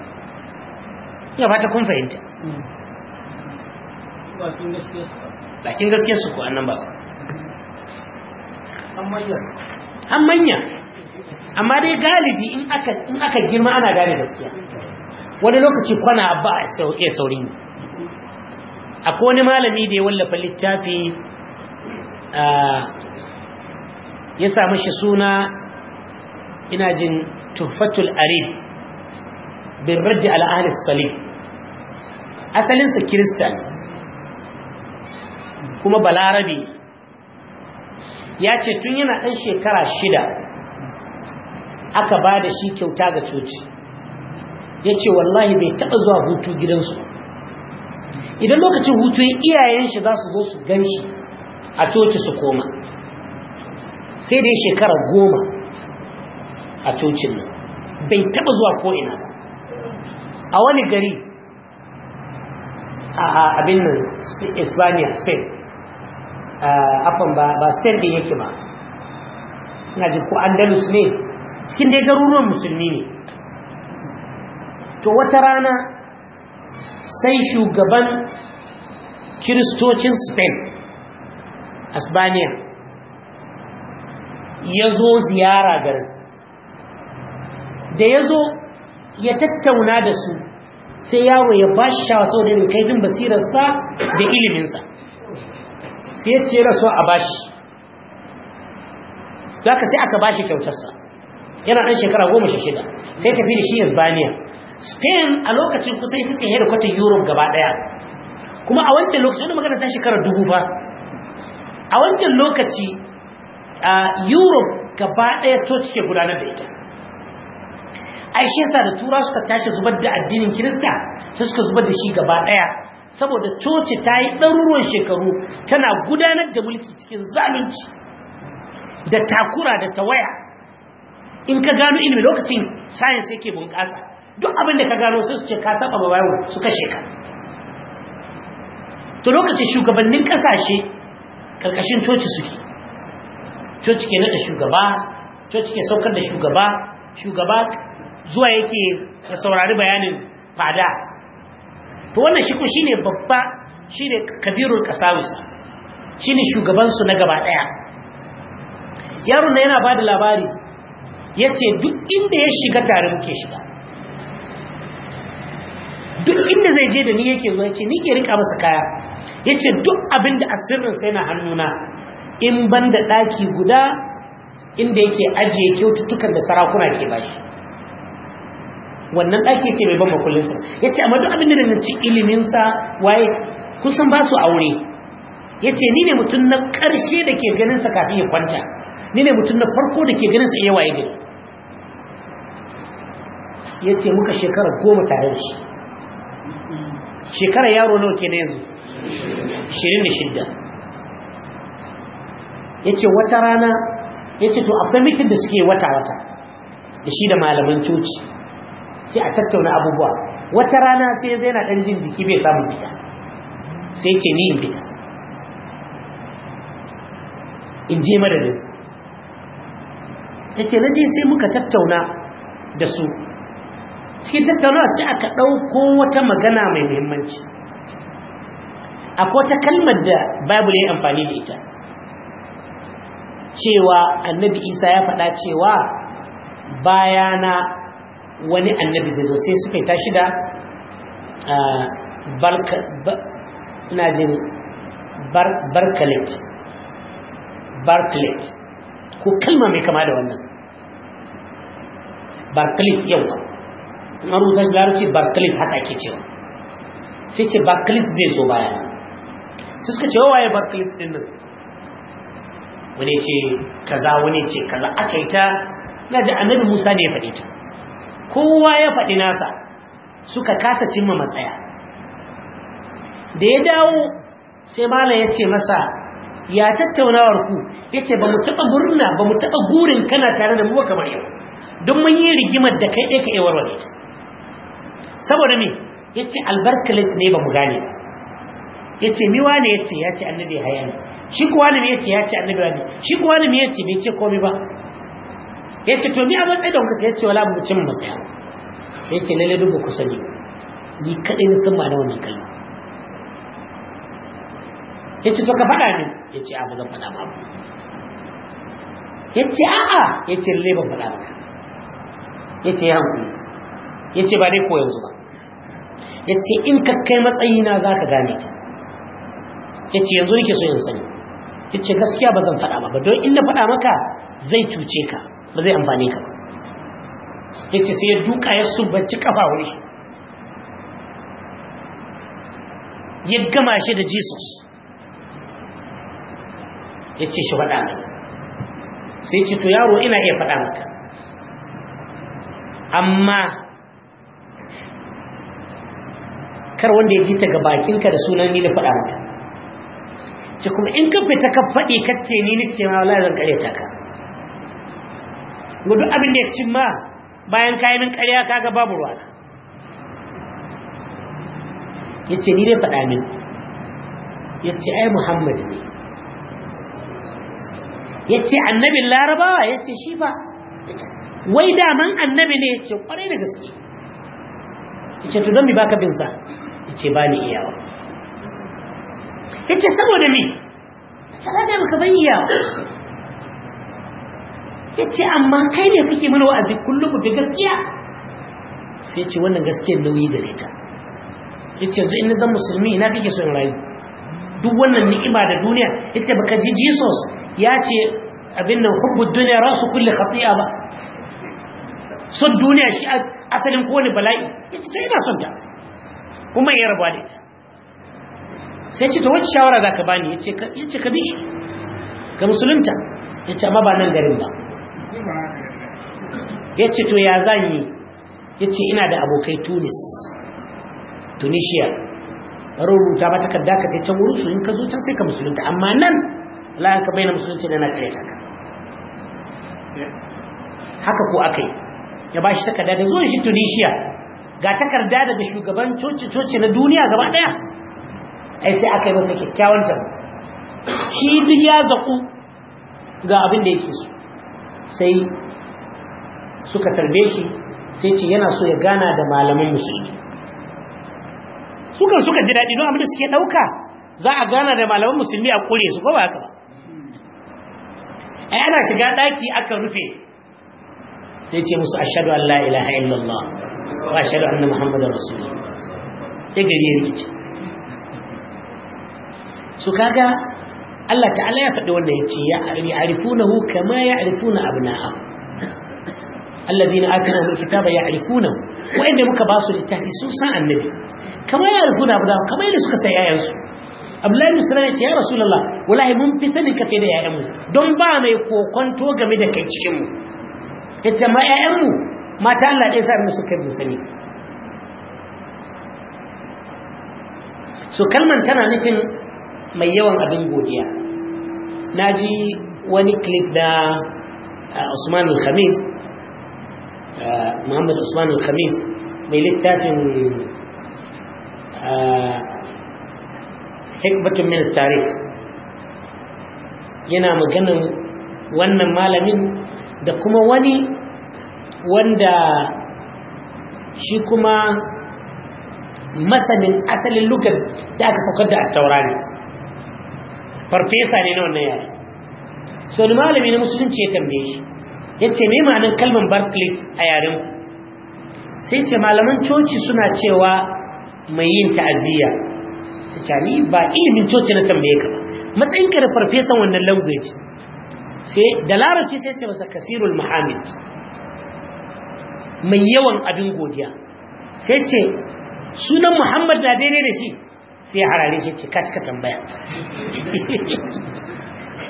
ya fata kun fahimta bakin gaskiyar su ko annan ba an manya amma dai galibi in aka girma ana gane gaskiya wani lokaci kwana ba a saurin akwai wani malami da ya wallafa littafi ya sami shi suna ina jin tufatul arid bin rajji al'adis salim asalinsa kirista kuma balarabe ya ce tun yana ɗan shekara shida aka ba da shi kyauta ga coci ya ce wallahi bai taɓa zuwa hutu gidansu idan lokacin hutu iyayen shi za su zo su gani a coci su koma sai dai shekara goma a cocin nan bai taɓa zuwa ko'ina a wani gari a abin nan Espanya eh, Spain afan ba Spain din yake ba ina ji ko Andalus ne cikin dai garuruwan musulmi ne to wata rana sai shugaban kiristocin Spain Espanya ya zo ziyara garin da ya zo ya tattauna da su sai yaro ya ba shi shawa sau da yin kaifin basirarsa da iliminsa sai ya ce raso a ba shi za ka sai aka ba shi kyautarsa yana ɗan shekara goma sha shida sai tafi da shi isbaniya spain a lokacin kusa ita ce hedikwatar europe gaba ɗaya kuma a wancan lokacin wani magana ta shekara dubu ba a wancan lokaci a europe gaba ɗaya to cike gudanar da ita ai shi yasa da tura suka tashi zubar da addinin kirista sai suka zubar da shi gaba daya saboda coci ta yi ɗaruruwan shekaru tana gudanar da mulki cikin zalunci da takura da tawaya in ka gano ilimi lokacin science yake bunƙasa duk abin da ka gano sai su ce ka saba ba bayan su kashe ka to lokacin shugabannin ƙasashe ƙarƙashin coci suke coci ke nada shugaba coci ke saukar da shugaba shugaba zuwa yake ka saurari bayanin fada to wannan shi shine babba shine kabirul kasawis shine shugaban su na gaba daya yaron yana bada labari yace duk inda ya shiga tare muke shiga duk inda zai je da ni yake zuwa yace ni ke rika masa kaya yace duk abinda asirin sai na hannuna in banda daki guda inda yake ajiye kyaututtukan da sarakuna ke bashi wannan ɗaki ce bai ban sa ya ce amma duk abin da na ci iliminsa waye kusan ba su aure ya ce ni ne mutum na ƙarshe da ke ganin sa kafin ya kwanta ni ne mutum na farko da ke ganin sa iya waye gari ya ce muka shekara goma tare da shi shekara yaro nawa ke na yanzu shirin da shidda ya ce wata rana ya ce to akwai mitin da suke wata-wata da shi da malaman coci sai a tattauna abubuwa wata rana sai ya zaina ɗan jin jiki bai samun fita sai ce ni in fita in je madadin su ya ce na je sai muka tattauna da su cikin tattaunawa sai aka ɗauko wata magana mai muhimmanci akwai wata kalmar da bible ya amfani da ita cewa annabi isa ya faɗa cewa bayana wani annabi zai zo sai suka yi tashi da ina ko kalma mai kama da wannan Barkalit yau ba an rubuta shi larabci barkalit haka ake cewa sai ce barkalit zai zo baya sai suka ce oh, waye barkalet din nan wani ce kaza wani ce kaza aka yi ta na ji annabi musa ne ya faɗi ta kowa ya faɗi nasa suka kasa cimma matsaya da ya dawo sai malam ya ce masa ya tattaunawar ku ya ce ba mu taɓa murna ba mu taɓa gurin kana tare da mu kamar yau don mun yi rigimar da kai ɗaya ka iya wani. saboda ne ya ce albarkalit ne ba mu gane ba ya ce miwa ne ya ce ya ce annabi haya shi kuwa ne ya ce ya ce annabi haya shi kuwa ne ya ce bai ce komai ba ya ce to ni a matsayi da kuka ya ce wala mu cin matsaya ya ce lalle duk ku sani ni kadai na ba ma'anar wani kalma ya ce to ka faɗa ne ya ce a ba zan faɗa ba ya ce a'a ya ce lalle ban faɗa ba ya ce ya hankali ya ce ba dai ko yanzu ba ya ce in ka kai matsayina za ka gane ta. ya ce yanzu nake so yin sani ya ce gaskiya ba zan faɗa ba don in na faɗa maka zai cuce ka ba zai amfani ka ya ce sai ya duka ya subanci kafa wuri ya gama shi da jesus ya ce shi faɗa mai sai ce to yaro ina iya faɗa maka amma kar wanda ya ji ta ga bakinka da sunan ni na faɗa maka ce kuma in ka fita ka faɗi kacce ni ni ce ma wala zan kare ta ka to duk abin da ya cin ma bayan kayanin kariya kaga babu ruwa Ya ce ni dai faɗa min Ya ce ai Muhammad ne Ya ce annabin Larabawa ce shi ba wai daman annabi ne Ya ce kwarai da gaske ya to don mi baka bin sa ce ba ni iyawa Ya ce saboda mi sai da baka bayya ce amma kai ne kuke mana wa'azi kullum da gaskiya sai ce wannan gaskiyar nauyi gare ta yace yanzu in zan musulmi ina kake so in rayu duk wannan ni'ima da duniya yace baka ji Jesus ya ce abin nan duniya dunya rasu kulli khati'a ba son duniya shi asalin kowane bala'i yace to ina son ta kuma ya rabuwa da ita sai ce ta wacce shawara za ka bani ya ce ka bi ka musulunta ya ce amma ba nan garin ba ya ce to ya zan yi ya ce ina da abokai tunis tunisia rurruta ba takarda ka can wurinsu in ka zo can sai ka musulunta amma nan la'aka bai na musulunci da na kare ta haka ko aka yi ya ba shi takarda da zuwan shi tunisia ga takarda daga shugaban coci-coci na duniya gaba daya ai sai aka yi masa kyakkyawan tabo shi duk ya zaku ga abin da yake so sai suka tarbe shi sai ce yana so ya gana da malaman musulmi sukan suka ji daɗi don da suke ɗauka za a gana da malaman musulmi a kore su ko ba haka ba a yana shiga ɗaki aka rufe sai ce musu ashadu an la ilaha illallah wa ashadu anna Muhammadu rasulun ta gari ya rikici su kaga Allah ta'ala ya faɗi wannan ya ce ya hu kama ya ya'rifuna abna'ahum alladhina atanahum alkitaba ya'rifunahu wa'inda muka ba su littafi sun san annabi kama ya na abna'ahum kama yadda suka sai yayansu Abdullahi bin Sulaiman ya ce ya rasulallah wallahi mun fi sanin kafe da yayanmu don ba mai kokonto game da kai cikinmu. mu ma yayanmu mata Allah ɗaya sa musu kai mu so kalman tana nufin mai yawan abin godiya na ji wani clip na uh, usman al-khamis uh, muhammad usman al-khamis mai littafin uh, hikbatun min tarih yana maganin wannan malamin da kuma wani wanda shi kuma masanin asalin lugar da aka saukar da taurari. taurari farfesa ne na wannan yara so ni malami na musulunci ya tambaye shi ya ce me ma'anin kalmar barclays a yaren sai ce malaman coci suna cewa mai yin ta'aziyya su cani ba ilimin coci na tambaye ka matsayinka da farfesan wannan language sai da larabci sai ce masa kasirul muhammad mai yawan abin godiya sai ce sunan muhammad na daidai da shi sai harare shi ce kaci ka tambaya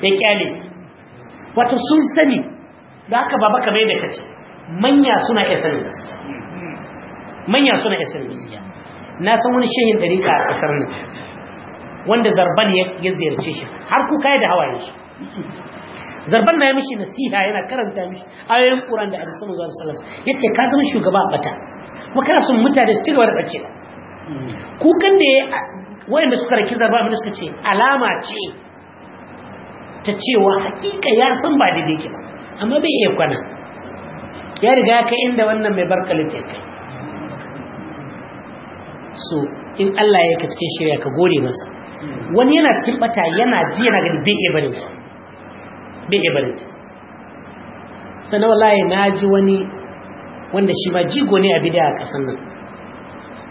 ya kyale wata sun sani da aka baba ka bai da kaci manya suna iya sanin gaskiya manya suna iya sanin gaskiya na san wani shehin ɗariƙa a ƙasar nan wanda zarban ya ziyarce shi har kuka ya da hawaye shi zarban na ya mishi nasiha yana karanta mishi ayoyin ƙuran da sanu zuwa sallar ya ce ka zama shugaba a bata kuma kana son mutane su cigaba da ɓacewa kukan da ya da suka rikiza ba abin suka ce alama ce ta cewa hakika ya san ba daidai ke ba amma bai iya kwana ya riga ka inda wannan mai barka ta kai so in Allah ya ka cikin shirya ka gode masa wani yana cikin bata yana ji yana gani bai iya bari ta bai iya bari ta sanawa wallahi na ji wani wanda shi ma jigo ne a bidiyar a kasan nan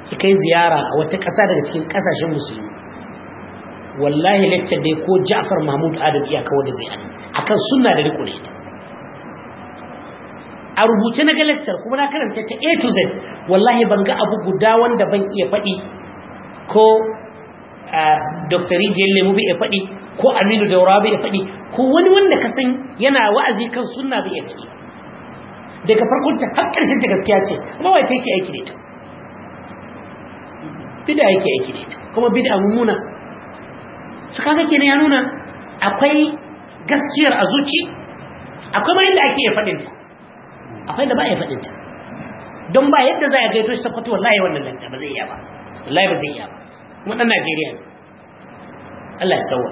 ki kai ziyara a wata ƙasa daga cikin ƙasashen musulmi wallahi lecture dai ko Ja'far Mahmud Adam iya kawo da ziyara akan sunna da riko ne a rubuce na ga lecture kuma na karanta ta A to Z wallahi ban ga abu guda wanda ban iya faɗi ko Dr. Rijiyar Lemu bai iya faɗi ko Aminu Daura bai iya faɗi ko wani wanda ka san yana wa'azi kan sunna bai iya faɗi daga farkon ta har ƙarshen ta gaskiya ce kuma wai take aiki da ita bid'a yake aiki ne ita kuma bid'a mummuna su kaga kenan ya nuna akwai gaskiyar a zuci akwai mai da ake iya faɗin ta akwai da ba ya faɗin ta don ba yadda za a gaito shi sakwato wallahi wannan lanta ba zai iya ba wallahi ba zai iya ba kuma ɗan Najeriya ne Allah ya sauwa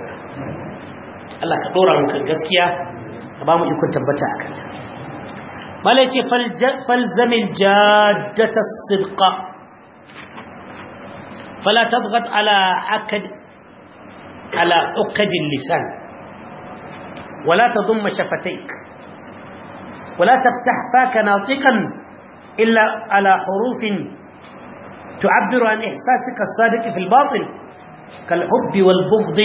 Allah ka ɗora mu kan gaskiya ka ba mu ikon tabbata a kanta malai ce falzamin jaddatar sidqa فلا تضغط على عقد على عقد اللسان ولا تضم شفتيك ولا تفتح فاك ناطقا إلا على حروف تعبر عن إحساسك الصادق في الباطن كالحب والبغض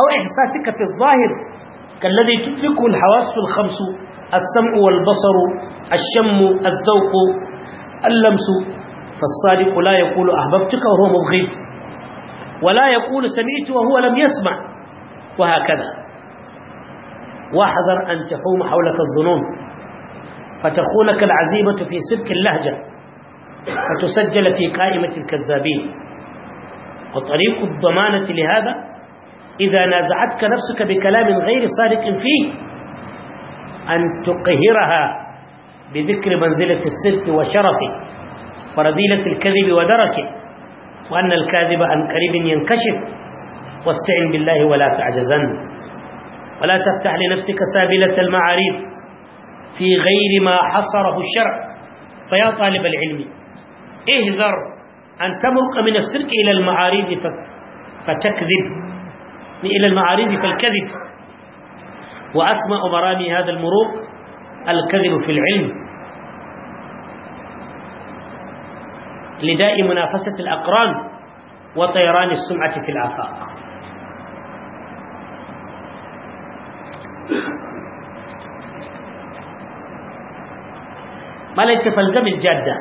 أو إحساسك في الظاهر كالذي تدركه الحواس الخمس السمع والبصر الشم الذوق اللمس فالصادق لا يقول أحببتك وهو مبغض ولا يقول سمعت وهو لم يسمع وهكذا واحذر أن تحوم حولك الظنون فتخونك العزيمة في سبك اللهجة فتسجل في قائمة الكذابين وطريق الضمانة لهذا إذا نازعتك نفسك بكلام غير صادق فيه أن تقهرها بذكر منزلة الصدق وشرفه ورذيلة الكذب ودركه وأن الكاذب عن قريب ينكشف واستعن بالله ولا تعجزن ولا تفتح لنفسك سابلة المعاريض في غير ما حصره الشرع فيا طالب العلم اهذر أن تمرق من السرك إلى المعاريض فتكذب إلى المعاريض فالكذب وأسمى مرامي هذا المروق الكذب في العلم لداء منافسة الأقران وطيران السمعة في الآفاق ما ليس يتفلزم الجادة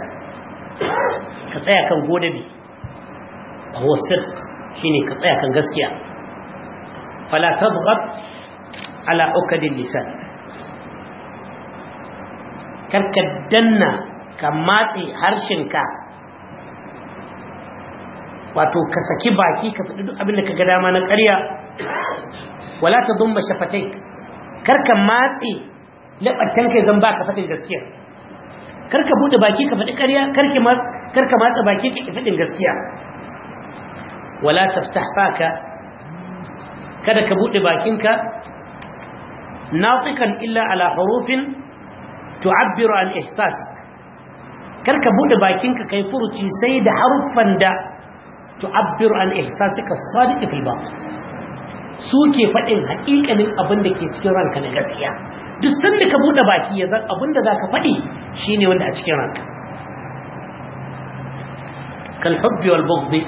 كطايا كان قودبي هو السرق شيني كطايا كان قسكيا فلا تضغط على أكد اللسان كركدنا كماتي هرشنكا wato ka saki baki ka faɗi duk abin da ka ga dama na ƙarya wala ta dumba shafatai Kar ka matse laɓattan kai zan ba ka faɗin gaskiya Kar ka buɗe baki ka faɗi ƙarya ka matsa baki ka faɗin gaskiya wala taftah faka kada ka buɗe bakinka nafikan illa ala hurufin tu'abbiru an ihsas karka buɗe bakinka kai furuci sai da haruffan da تعبر عن إحساسك الصادق في الباطن suke faɗin haƙiƙanin abin da ke cikin ranka na gaskiya duk sanda ka buɗe baki ya zan abin da za ka faɗi shi ne wanda a cikin ranka kalhubbi wal bughdi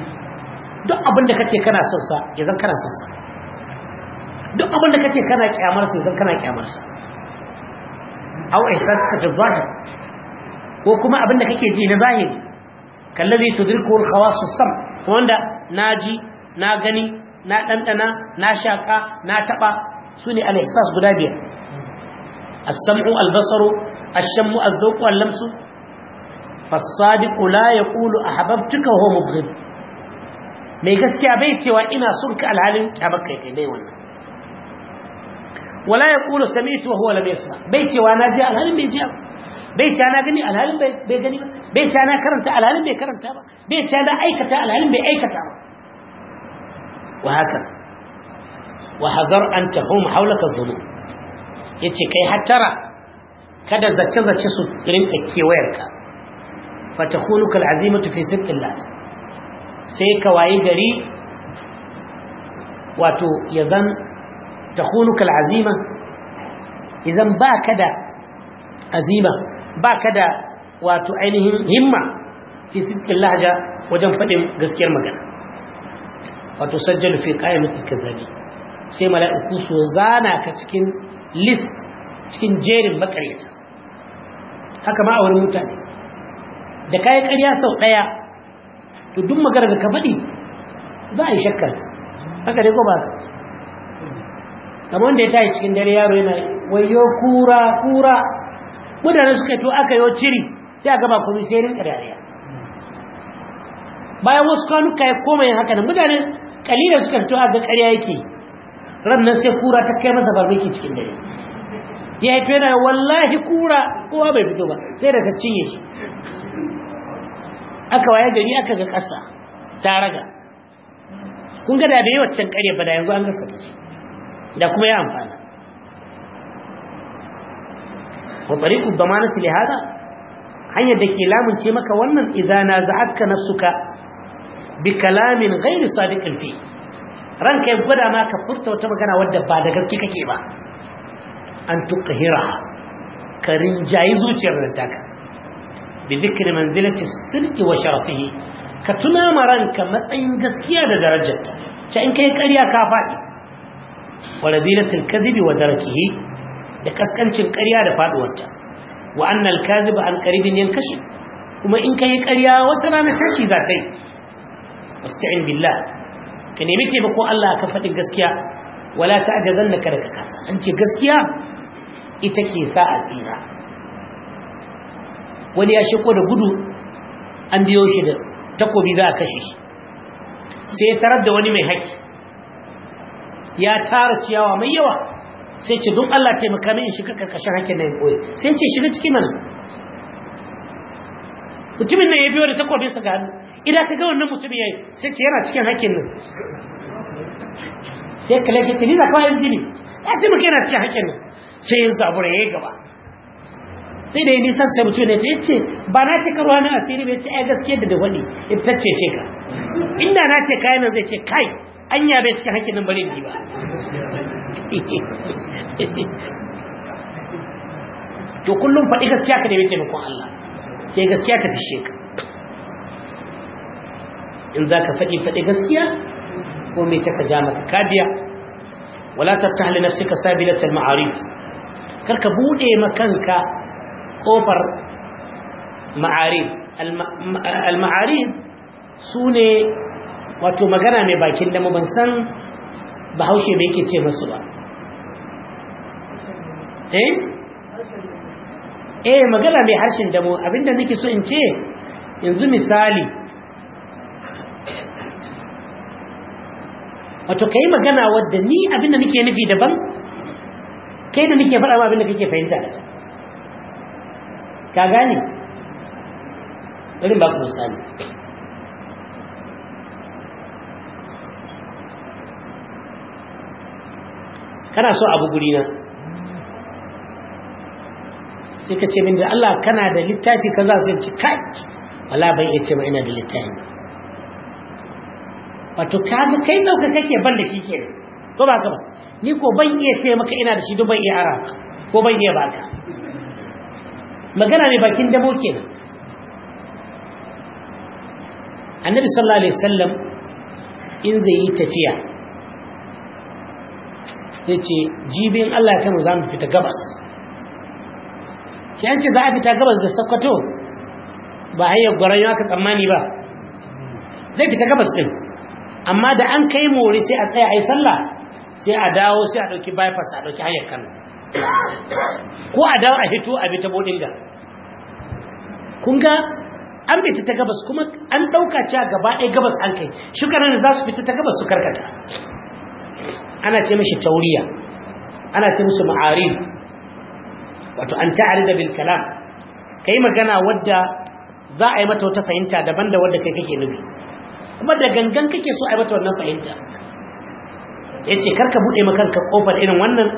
duk abin da kace kana son ya zan kana son duk abin da kace kana kyamar sa ya zan kana kyamar sa aw ihsasuka fi zahir ko kuma abin da kake ji na zahiri kallazi tudrikuhu al khawasu sam wanda na ji na gani na ɗanɗana na shaƙa na taɓa su ne al'isas guda biyar as-sam'u al-basaru ash a az-zawqu al-lamsu fas-sadiqu la yaqulu ahbabtuka wa mubghid mai gaskiya bai cewa ina sunka alhalin kyabar kai kai dai wannan wala yaqulu sami'tu wa huwa lam yasma bai cewa na ji alhalin bai ji bai ca na gani alhalin bai gani ba bai ca na karanta alhalin bai karanta ba bai ca na aikata alhalin bai aikata ba wa haka wa hazar an tahum haulaka zulu yace kai hattara kada zace zace su rinka kewayarka fatakunukal azimatu fi sidqillah sai ka waye gari wato yazan takunukal azima idan baka da azima ba ka da wato ainihin himma fi sifin lahaja wajen faɗin gaskiyar magana wato sajjalu fi ƙayyamatin kazzabi sai mala'iku su zana ka cikin list cikin jerin makaryata haka ma a wurin mutane da kayan ƙarya sau ɗaya to duk magana da ka faɗi za a yi shakkar haka dai ko ba ka kamar wanda ya tashi cikin dare yaro yana wayo kura kura mutane suka to aka yo ciri sai aka ba komai sai rinka dariya bayan wasu kwanuka ya koma yin haka nan mutane kalilan suka to aka ƙarya yake ran nan sai kura ta kai masa barbeki cikin dare ya haife yana wallahi kura kowa bai fito ba sai da cinye shi aka waye gari aka ga ƙasa ta raga kun ga da bai waccan ƙarya ba da yanzu an gaskata shi da kuma ya amfana wa tariqu damanati li hada hanyar da ke lamunce maka wannan idan naza'atka nafsuka bi kalamin ghairi sadiqin fi ranka ya gwada maka furta wata magana wadda ba da gaske kake ba an tuqhira karin jayi zuciyar da taka bi dhikri manzilati sirri wa sharafihi ka tuna maranka matsayin gaskiya da darajarta ta in kai ƙarya ka faɗi wa radilatul kadhibi wa darakihi da kaskancin ƙarya da faduwarta wa annal kadhiba an qaribin yankashi kuma in kai ƙarya wata rana tashi za ta yi wasta'in billah ka nemi taimako Allah ka faɗi gaskiya wala ta'jazannaka daga kasa an ce gaskiya ita ke sa a wani ya shiko da gudu an biyo shi da takobi za a kashe shi sai ya tarar da wani mai haƙi ya tara ciyawa mai yawa sai ce don Allah taimaka min in shiga karkashin hakin nan koyi sai ce shiga ciki mana mutumin nan ya biyo da takobin sa ga hannu idan ka ga wannan mutumin yayi sai ce yana cikin hakin nan sai kale ce ni da kawai gini ya ce muka yana cikin hakin nan sai ya zabura yayi gaba sai da ya nisa sai mutum ne ta ce ba na ce karuwa na asiri ba ce ai gaskiya da da wani ita ce ce ka inda na ce kayan nan zai ce kai anya bai cikin hakin nan bare ni ba to kullum faɗi gaskiya ka nemi taimakon Allah sai gaskiya ta fi shek. in za ka faɗi faɗi gaskiya ko mai ta ka ja maka kadiya wala tattah li nafsika al ma'arif kar ka bude makanka kofar ma'arif al ma'arif sune wato magana mai bakin da ban san bahaushe bai ke ce masu ba eh eh magana mai harshen damo abinda nake so in ce yanzu misali wato ka yi magana wadda ni abinda nake nufi daban kai da nake faɗa abinda kake fahimta daban ka gane irin ba ku misali kana so abu guri na sai ka ce min da Allah kana da littafi kaza sai ci kai wala ban iya ce ma ina da littafi wato kaga kai dauka kake ban da shi kenan ko ba ka ba ni ko ban iya ce maka ina da shi duk ban iya ara ko ban iya baka magana ne bakin dabo kenan annabi sallallahu alaihi wasallam in zai yi tafiya sai ce jibin Allah ya kama za mu fita gabas shi ce za a fita gabas da sakwato ba hanyar gwaron yawon aka tsammani ba zai fita gabas ɗin amma da an kai mori sai a tsaya a yi sallah sai a dawo sai a ɗauki bypass a ɗauki hanyar kano ko a dawo a hito a bi ta bodinga kun ga an bi ta gabas kuma an ɗauka cewa gaba ɗaya gabas an kai shukarar da za su fita ta gabas su karkata ana ce mashi tauriya ana ce musu ma'arid wato an ta'arida bil kalam kai magana wadda za a yi mata wata fahimta daban da wadda kai kake nufi kuma da gangan kake so a yi mata wannan fahimta yace karka bude maka kanka kofar irin wannan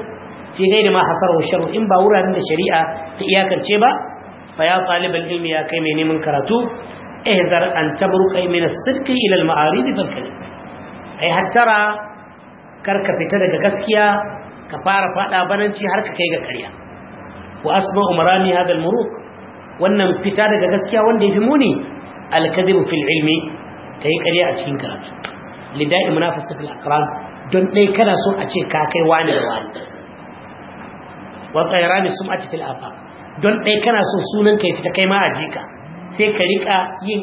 fi gaida ma hasar wa sharru in ba wuraren da shari'a ta iyakance ba fa ya talibal ilmi ya kai mai neman karatu ihzar an tabruka min as-sidqi ila al-ma'arid fal kalim ai hattara karka fita daga gaskiya ka fara fada bananci har ka kai ga ƙarya wa asma umarani hada almuruk wannan fita daga gaskiya wanda yafi muni alkadibu fil ilmi kai ƙarya a cikin karatu lidai munafisatul aqran don dai kana so a ce ka kai wani da wani wa qairani sum'ati fil afaq don dai kana so sunan kai fita kai ma a jika sai ka rika yin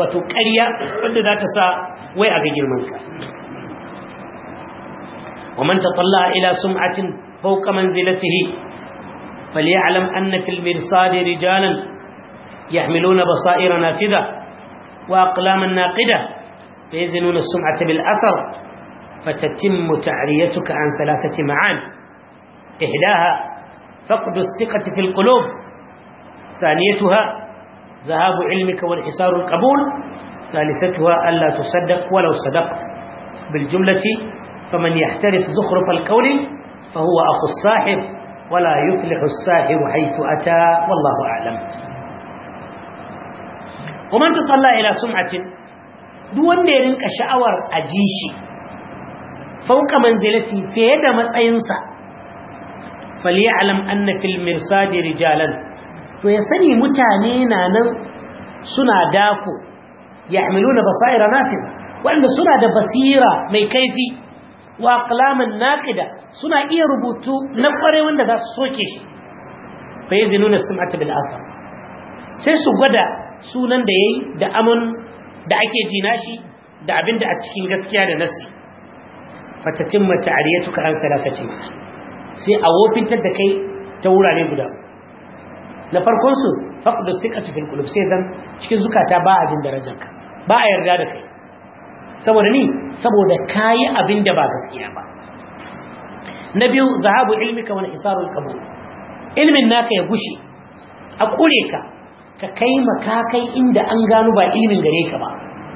wato ƙarya wanda za ta sa wai a ga girman ka ومن تطلع إلى سمعة فوق منزلته فليعلم أن في المرصاد رجالا يحملون بصائر نافذة وأقلاما ناقدة فيزنون السمعة بالأثر فتتم تعريتك عن ثلاثة معان إحداها فقد الثقة في القلوب ثانيتها ذهاب علمك والحصار القبول ثالثتها ألا تصدق ولو صدقت بالجملة فمن يحترف زخرف القول فهو أخو الصاحب ولا يفلح الساحر حيث أتى والله أعلم ومن تطلع إلى سمعة دون ديرنك شعور أجيشي فوق منزلتي في يد مسأينسا فليعلم أن في المرصاد رجالا ويسني متانين أن سنا دافو يحملون بصائر نافذة وأن سنا بصيرة ميكيفي wa aqlaman naqida suna iya rubutu na kware wanda za su soke fa yazinuna sam'ata bil athar sai su gwada sunan da yayi da amon da ake jina shi da abinda a cikin gaskiya da nassi fatatimma ta'riyatuka an thalathatin sai a wofintar da kai ta wurare guda na farkon su faqdu thiqati bil qulub sai dan cikin zukata ba a jin darajarka ba a yarda da kai saboda ni saboda kayi abin da ba gaskiya ba na biyu zahabu ilmika wani isarul kabul ilmin naka ya gushe a kure ka ka kai makakai inda an gano ba ilmin gare ka ba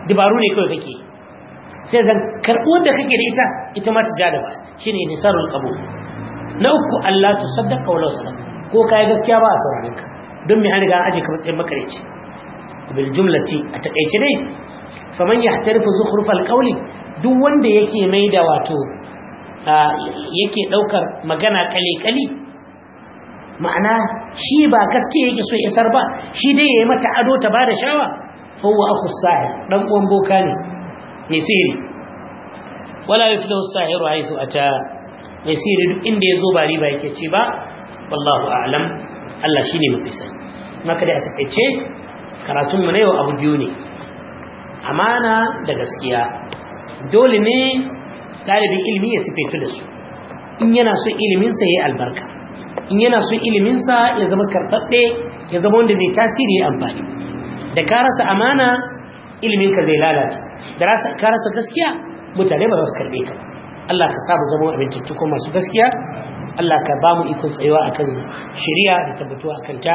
dabaru ne kawai kake sai zan karɓo da kake da ita ita ma ta ja da ba shine nisarul kabul na uku Allah ta saddaka wala ko kai gaskiya ba a sauraron ka don me an riga aje ka matsayin makarici bil jumlati a takaice dai faman yahtarifu zukhrufal qawli duk wanda yake maida wato yake daukar magana kale ma'ana shi ba gaske yake so isar ba shi dai ya yi mata ado ta bada shawa fa huwa sahir dan uwan boka ne mai sihiri wala yuflihu sahiru a ata mai sihiri duk inda zo ba riba yake ci ba wallahu a'lam Allah shi ne sani maka da a takeice karatun mu ne yau abu biyu ne amana da gaskiya dole ne ɗalibin ilimi ya sifaitu da su in yana so iliminsa ya yi albarka in yana so iliminsa ya zama karɓaɓɓe ya zama wanda zai tasiri ya amfani da karasa amana iliminka zai lalata da ka rasa gaskiya mutane ba za su karɓe ka Allah ka saba zama abin masu gaskiya Allah ka ba mu ikon tsayuwa akan shiriya da tabbatuwa akan ta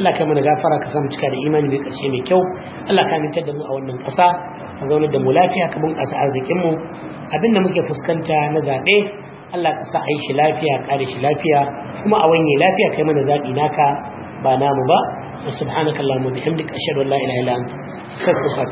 Allah ka mana gafara ka samu cika da imani mai ƙarshe mai kyau Allah ka mintar da mu a wannan ƙasa ka zaunar da mu lafiya ka bin ƙasa arzikin mu abin da muke fuskanta na zaɓe Allah ka sa a yi shi lafiya ƙare shi lafiya kuma a wanye lafiya kai mana zaɓi naka ba namu ba subhanakallahumma bihamdika ashhadu an la ilaha illa anta astaghfiruka